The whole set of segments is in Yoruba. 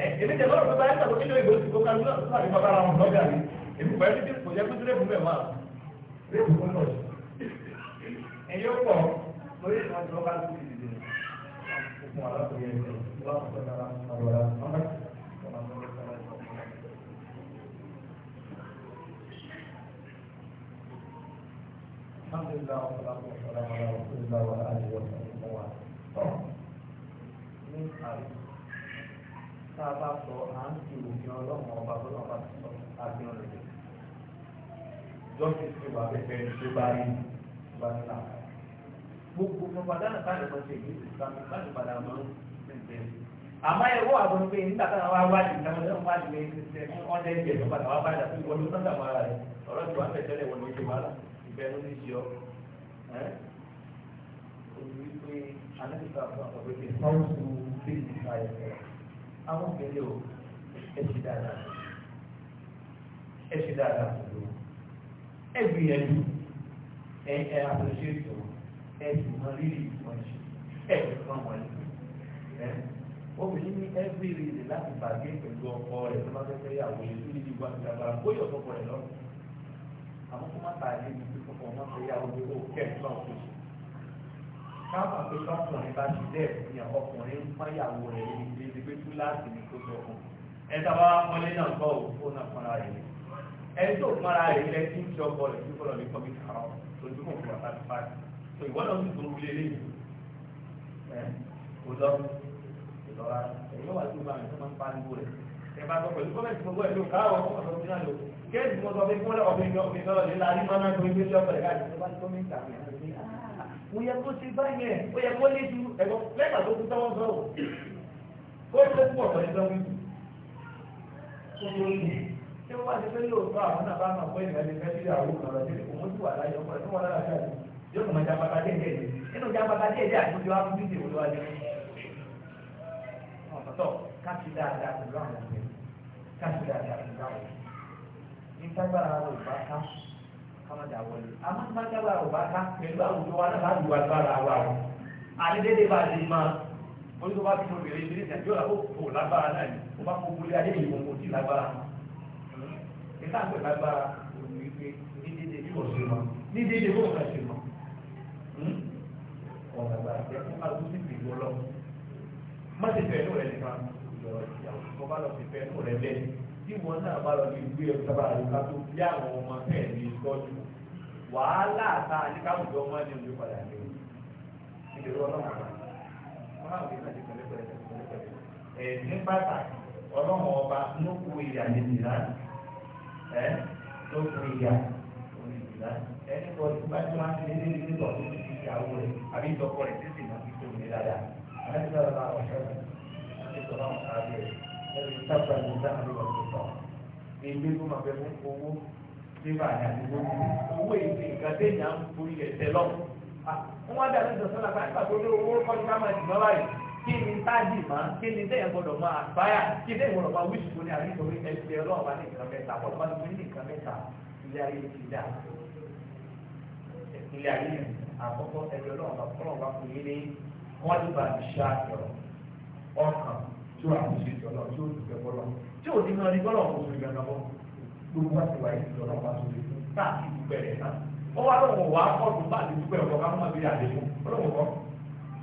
Eh, èmi tẹ lọ́rọ̀ pípa ẹ̀ta lókè lóye gbòòsì kókà ló náà sáré bàbá ara wọn lọ́jà rí èmi pẹ̀lú títí kò jẹ́ kúndúrẹ́ fún bẹ́ẹ̀ máa rẹ́pù fún lọ́ọ̀ ẹ̀yẹ pọ̀ lórí ìwọ̀n tí wọ́n bá lókè dìde fún alákòóyè ẹ̀jẹ̀ wọ́n á sọ̀rọ̀ ara ọ̀rọ̀ ara ọ̀rọ̀ الحمد لله والصلاة والسلام على رسول الله وعلى آله وصحبه وسلم tá a bá sọ à ń fi òfin ọlọ́run ọba tó náà bá ti sọ àti ọ̀rẹ́ rẹ̀. justice ti wà pẹpẹ tó bá rí wà nílà. gbogbo propaganda báyìí lọ sí ìlú ìsàmì láti padà mọ́ ẹgbẹ́. àmọ́ ẹ̀wọ́ àbọ̀n pé nígbà tá a wá wá di ìdáwọ́ lẹ́wọ̀n wá di ilé ṣiṣẹ́ fún ọ̀dẹ́ ìjẹ̀ tó padà wá bá dà fún ìwọlé sọ́dà mọ́ ara rẹ̀ ọ̀rọ̀ ti wà pẹ̀ tẹ́lẹ̀ fún àkọ́kọ́ pé kí n sọ́wọ́ sí fíìmù ìfà àwọn obìnrin o ẹ ṣe dáadáa ẹ ṣe dáadáa pẹ̀lú wọn ẹ gbìyànjú ẹ ẹ àtúnṣe ètò ẹ sì mọ rírì wọn ṣe ẹ kàn wọn lè ẹ obìnrin ní ẹbí rírì láti bàgé pẹ̀lú ọkọ rẹ̀ tó bá fẹ́ fẹ́ yàwó yẹn tó ní ìdíwọ́ àti agbára ó yọ̀ tọkọ rẹ̀ lọ́rùn àmọ́ kó má bàa lé ibi káàpà pé tọkùnrin bá ti dẹ̀ ìyàn ọkùnrin ń fáyàwó rẹ̀ ní ibi pé túláàsì ni kó sọ fún ẹ sábà wọlé náà gbọ́ òfò náà fúnra rẹ̀ ni ẹ tó fúnra rẹ̀ ilẹ̀ tí ń ṣe ọkọ rẹ̀ tí kọ́lọ̀ lè kọ́ mi kàrọ̀ lójú kò fún ọ̀tá fà so ìwọ náà ti tó wulé lé yìí kò lọ kò lọ rárá ẹ̀yọ́ wà tó bá mi tó máa ń pariwo rẹ̀ ẹ bá gbọ́ pẹ̀lú kọ́mẹ̀tì gbogbo ẹ̀ ló káwọ́ ọ̀sán mo yẹ kó ti báyẹn ó yẹ kó lé ju ẹ̀rọ lẹ́gbà tó kú tọ́wọ́ sọ̀rọ̀ kó tó kú ọ̀pọ̀ ẹ̀dọ́ wí kó tó lù tí wọ́n bá ti fẹ́ lóòótọ́ àwọn náà bá máa pẹ́ ìrẹ́lẹ̀ fẹ́ sí àwọn òkú ọ̀rọ̀ tí òun ti wà láyé ọkọ̀ ẹ̀ tó wà lára ṣáà yóò kàn máa ja bàbá díẹ̀ díẹ̀ nínú ja bàbá díẹ̀ díẹ̀ àti ojú àbújú ti olúwa jẹ. ọ̀tọ̀ káfí dáadáa pẹ̀lú àwọn ọ̀gbìn káfí dáadáa pẹ̀lú àwọn ọ̀gbìn. ní tágbára àwọn ìbáta àmọ́ tí májábà ò bá ká pẹ̀lú àwùjọ wa náà bá lu agbára wa o àdédédé bá lè máa orí tó bá fi obìnrin ìdílé ìjà yóò lábò kò lágbára náà ni ó bá kókó lé adé ìwọ̀n kò tí lágbára nígbà pé lágbára òun ní pé ní dédé bí kò ṣe mọ ní dédé bó kà ṣe mọ hmm? ọ̀nà àgbàrá jẹ́ fún alùpùpù sí ìgbò lọ má ti fẹ́ ẹnu nìkan ìyọ̀rọ̀ ìyàwó tó bá lọ sí fẹ́ ẹnu rẹ lẹ́yìn tí wọn náà bá lọ ní ìlú ẹ̀rọ sábà rẹ̀ ká tó bí àwọn ọmọ tẹ̀ ní ìtọ́jú wàhálà àta àdíkàwùjọ ọmọ ní ìlú padà ní ìlú ọlọ́mọ ẹ̀ẹ́dín pàtàkì ọlọ́mọ ọba lóko ìyá ní ìlà ẹ̀ lóko ìyá ní ìlà ẹni kọ́ ti bá tí wọ́n ti lé ní ìlú ọ̀tún ti fi ìyàwó rẹ̀ àbí ìtọ́kọ rẹ̀ títí náà fi tó ní dáadáa ẹ̀rùsáfà ní dáhùn ọ̀tọ̀tọ̀ ilé tó máa fẹ́ fún owó síbà ní àdúgbò owó èdè ìgbàdé ìyá ń borí ẹ̀sẹ̀ lọ. wọ́n wá dàbí ìdọ̀sán làbá nígbà tó ní owó kọ́ni ká máa dìbọn báyìí kí ni táàdì máa kí ni dẹ́yẹ̀ gbọ́dọ̀ máa àgbáyà kí dẹ́yẹ̀ gbọ́dọ̀ máa wíṣù tó ní àríkòrí ẹ̀sẹ̀ ọlọ́ọ̀bá ní nǹkan mẹ́ta bọ́ọ̀lù bá ní nǹkan mẹ́ta ilé ayé ti dà ilé ayé àkọ́kọ́ ẹ̀yọ́ ọlọ́ọ̀bá bá ti tí ó àwọn ṣe jọlọ tí ó dùkẹ́ bọ́lọ̀ tí ò ní máa rí bọ́lọ̀ kò sórí gbàgbà bọ́ gbogbo wa ti wà yìí lọ́nà wa sórí táàkì dúpẹ́ rẹ̀ náà ó wá lọ́wọ́ wá kọ́ọ̀tù bá àti dúpẹ́ ọ̀kọ́ ká má bèrè àdéhùn ọlọ́wọ́ kọ́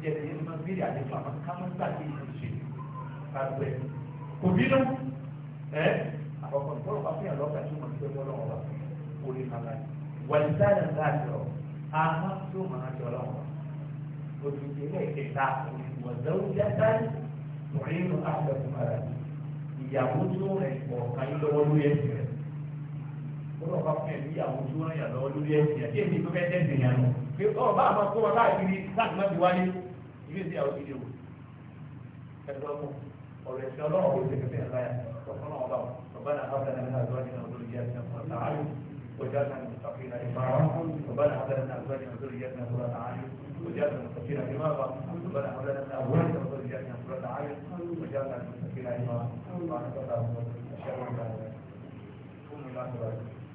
yẹ̀dẹ̀ yẹn má bèrè àdéhùn àmọ́ ká má gbàgbé ìṣe àgbẹ̀ kò bínú ẹ́ àkọ́kọ́ bọ́lọ̀ bá fẹ́yàn lọ́kà tí ó máa dúpẹ́ bọ́lọ̀ wa kò ní kàkà wàlísáyà ń àmọ́ tí ó máa jọ lọ́wọ́ òtún ìdílé ìta òtún wọ̀ tòun ló àgbẹ̀ fún ara ìyàwó tí ó rẹ̀ pọ̀ káyé lọ́wọ́ lórí ẹ̀sìn rẹ̀ wọ́n bá fún ẹ̀ ní ìyàwó tí wọ́n rẹ̀ yàn lọ́wọ́ lórí ẹ̀sìn àti èmi tó fẹ́ẹ́ tẹ̀sìn yàn nù pé ọ̀ bá àwọn kó wọn káàkiri láti má ti wáyé ìwé ìsìn àwọn ìdílé wò ẹ̀dọ́ fún ọ̀rọ̀ ẹ̀sìn ọlọ́run kò tẹ̀sẹ̀ fẹ́ẹ́ láyà ọ̀fọ́n náà bá ọ̀bánà àbáfẹ́ náà lọ́wọ́ ذريتنا قرة أعين وجعلنا المتقين إماما ربنا هب لنا من أزواجنا وذريتنا قرة أعين وجعلنا المتقين إماما ربنا هب لنا من أزواجنا وجعلنا قرة عين وجعلنا المتقين إماما وأنا أشهد أن لا إله إلا أنت قوم إلى صلاتكم